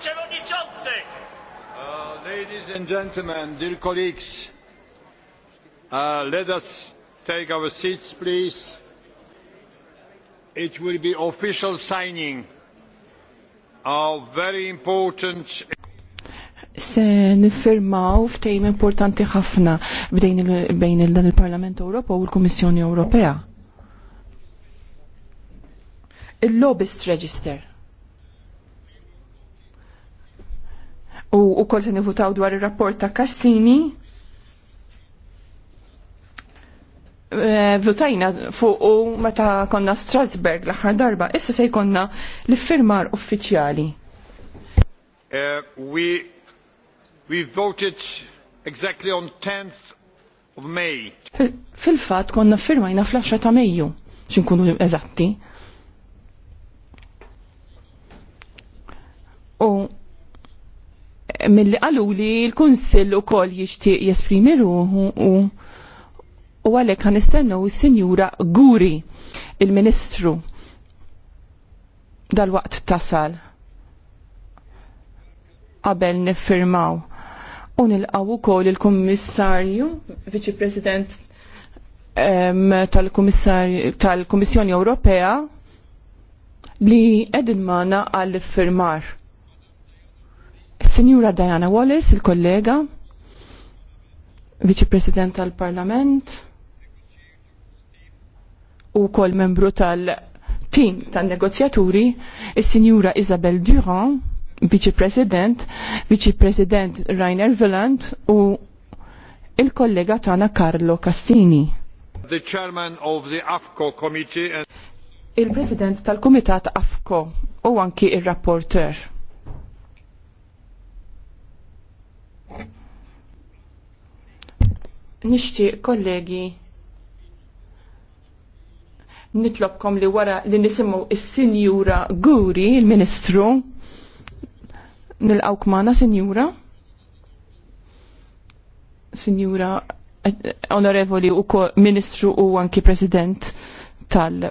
Uh, ladies and gentlemen, dear colleagues, uh, let us take our seats, please. It will be official signing of very important se nifirmaw ftejm importanti ħafna bejn il dan il-Parlament Ewropew u l-Kummissjoni Ewropea. Il-Lobbyist Register. u kol se nivutaw dwar ir-rapport ta' Cassini. Vutajna e, Votajna fuq u meta konna Strasberg l-aħħar darba, issa se jkonna l-firmar uffiċjali. E, we, we voted exactly on 10th of May. Fil-fat konna firmajna fl-10 ta' Mejju, xinkunu eżatti. U mill-li għalu li l-Kunsill u kol jishtiq jesprimi ruħu u għalek għan istennu s-Sinjura Guri, il-Ministru, dal-waqt tasal qabel niffirmaw. U nilqaw ukoll il-Kummissarju, Viċi President tal-Kummissjoni Ewropea, li edin magħna għall-iffirmar Signora Diana Wallace, il-kollega, Viċi President tal-Parlament u kol membru tal team tan-negozjaturi, is-Sinjura Isabel Durand, Viċi President, Viċi President Rainer Villand u il-kollega tana Carlo Cassini. The chairman of the AFCO committee and... Il-President tal-Kumitat AFCO u anki il-rapporter. Nixtieq kollegi nitlobkom li wara li nisimmu is-Sinjura Guri, il-Ministru, nilqawk magħna Sinjura. Sinjura onorevoli u ministru u anki president tal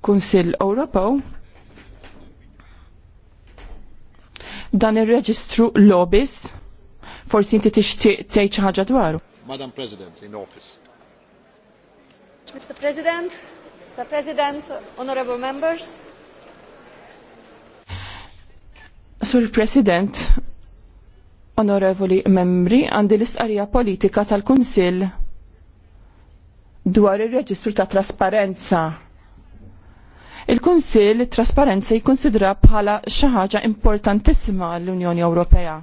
Kunsill Ewropew dan ir-reġistru lobis forsi inti tixtieq tgħid xi ħaġa dwaru. Madam President in office. Mr. President, the President, Honorable Members. Sur President, Onorevoli Membri, għandi l-istqarija politika tal-Kunsill dwar ir-Reġistru ta' Trasparenza il-Kunsil trasparenza jikkonsidra bħala xi ħaġa importantissima l-Unjoni Ewropea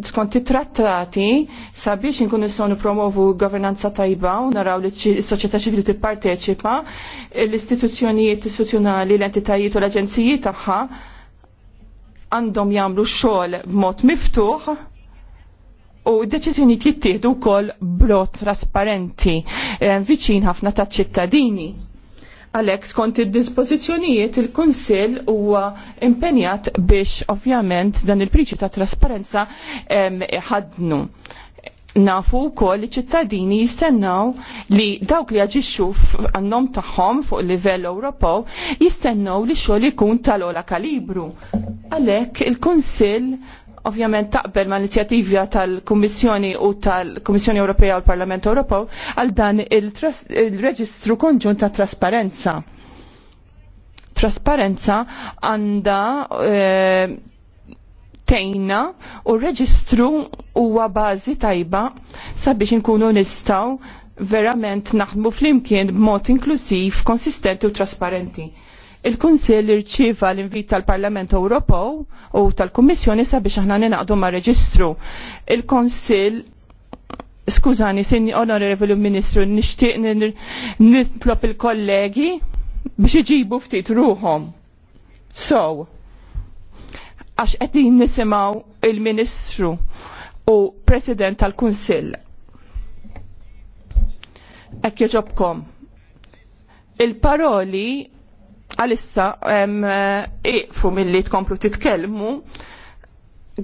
skont trattati sabiex inkunu nistgħu nippromovu governanza tajba u naraw li s-soċjetà ċivili tipparteċipa, l-istituzzjonijiet istituzzjonali, l-entitajiet u l-aġenziji tagħha għandhom jagħmlu xogħol b'mod miftuħ u d-deċiżjoni jittieħdu wkoll b'lot trasparenti viċin ħafna taċ-ċittadini Għalhekk skont id-dispożizzjonijiet il-Kunsill huwa impenjat biex ovvjament dan il-prinċip ta' trasparenza ħadnu. Nafu wkoll li ċittadini jistennaw li dawk li għagġiċu għannom tagħhom fuq livell Ewropew jistennaw li xogħol jkun tal-ola kalibru. Għalhekk il-Kunsill ovvjament taqbel ma' inizjattivja tal-Kummissjoni u tal-Kummissjoni Ewropea u l-Parlament Ewropew għal dan il-reġistru konġunt ta' trasparenza. Trasparenza għanda eh, tejna u reġistru huwa bażi tajba sabiex inkunu nistaw verament naħdmu flimkien b'mod inklusiv, konsistenti u trasparenti. Il-Kunsill irċieva l-invit tal-Parlament Ewropew u tal-Kummissjoni sabiex aħna ninaqdu ma' reġistru. Il-Kunsill Skużani, sin onorevoli ministru, nixtieq nitlob il-kollegi biex iġibu ftit ruhom. So, għax qegħdin nisimaw il-Ministru u President tal-Kunsill. Ekk joġobkom. Il-paroli għalissa iqfu mill-li tkomplu titkellmu.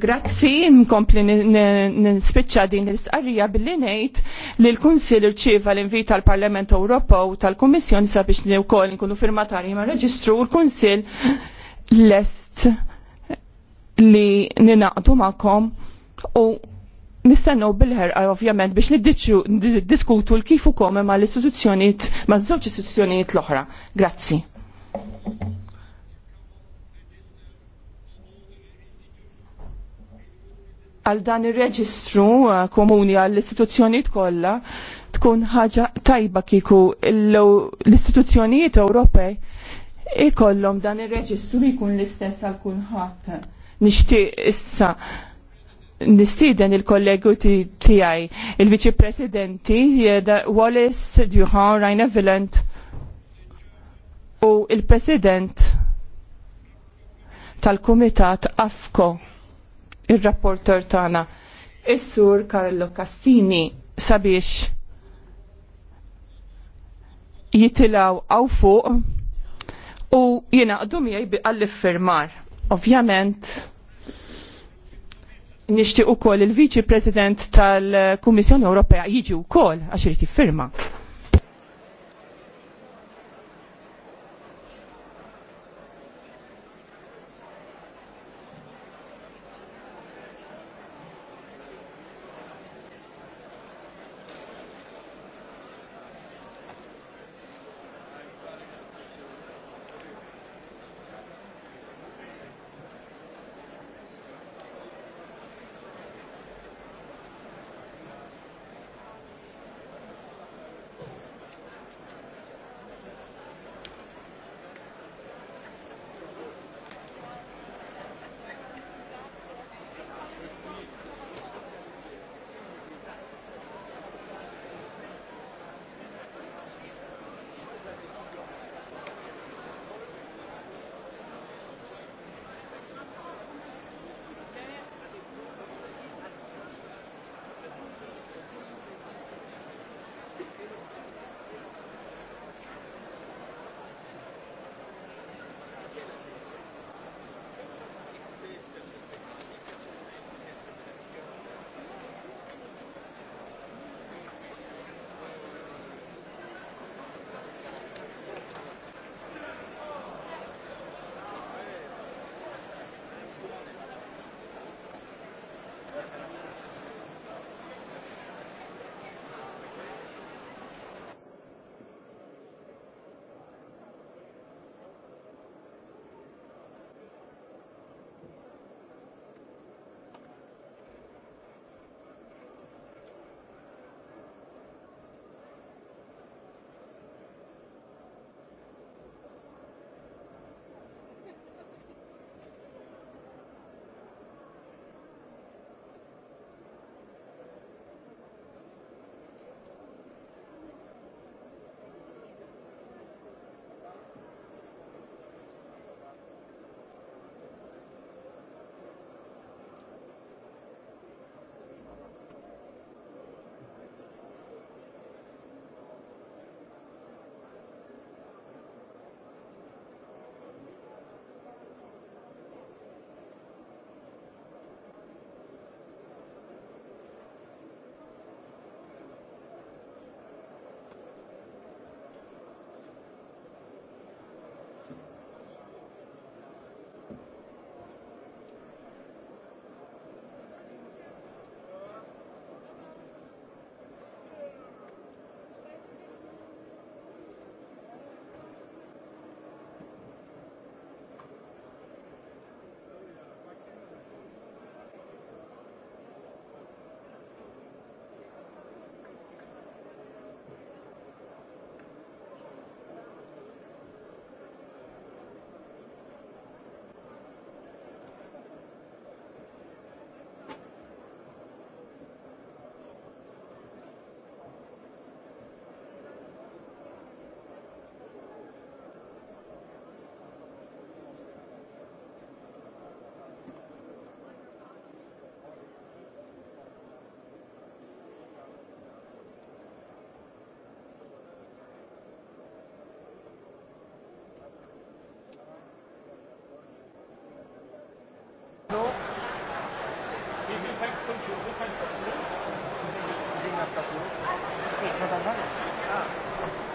Grazzi, nkompli nispiċċa din l-istqarrija billi ngħid li l-Kunsill irċieva l invita l parlament Ewropew tal-Kummissjoni sabiex li wkoll nkunu firmatari ma' reġistru l-Kunsill lest li ninaqdu magħkom u nistennu bil-ħerqa ovvjament biex niddiskutu l-kif ukoll ma' l-istituzzjonijiet ma' żewġ istituzzjonijiet l-oħra. Grazzi għal dan ir-reġistru uh, komuni għall istituzzjonijiet kollha tkun ħaġa tajba kieku l-istituzzjonijiet Ewropej ikollhom dan ir-reġistru jkun l-istess għal kulħadd. Nixtieq issa nistieden il-kollegu tiegħi il-Viċi Presidenti Wallace Duhan Rajna Villant u il-President tal-Kumitat AFCO, il-rapporter tagħna, is-Sur Carlo Cassini sabiex jitilaw għaw fuq u jaj miegħi għall-iffirmar. Ovvjament, nixtieq ukoll il-Viċi President tal-Kummissjoni Ewropea jiġi wkoll għax irid jiffirma.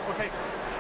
Okay.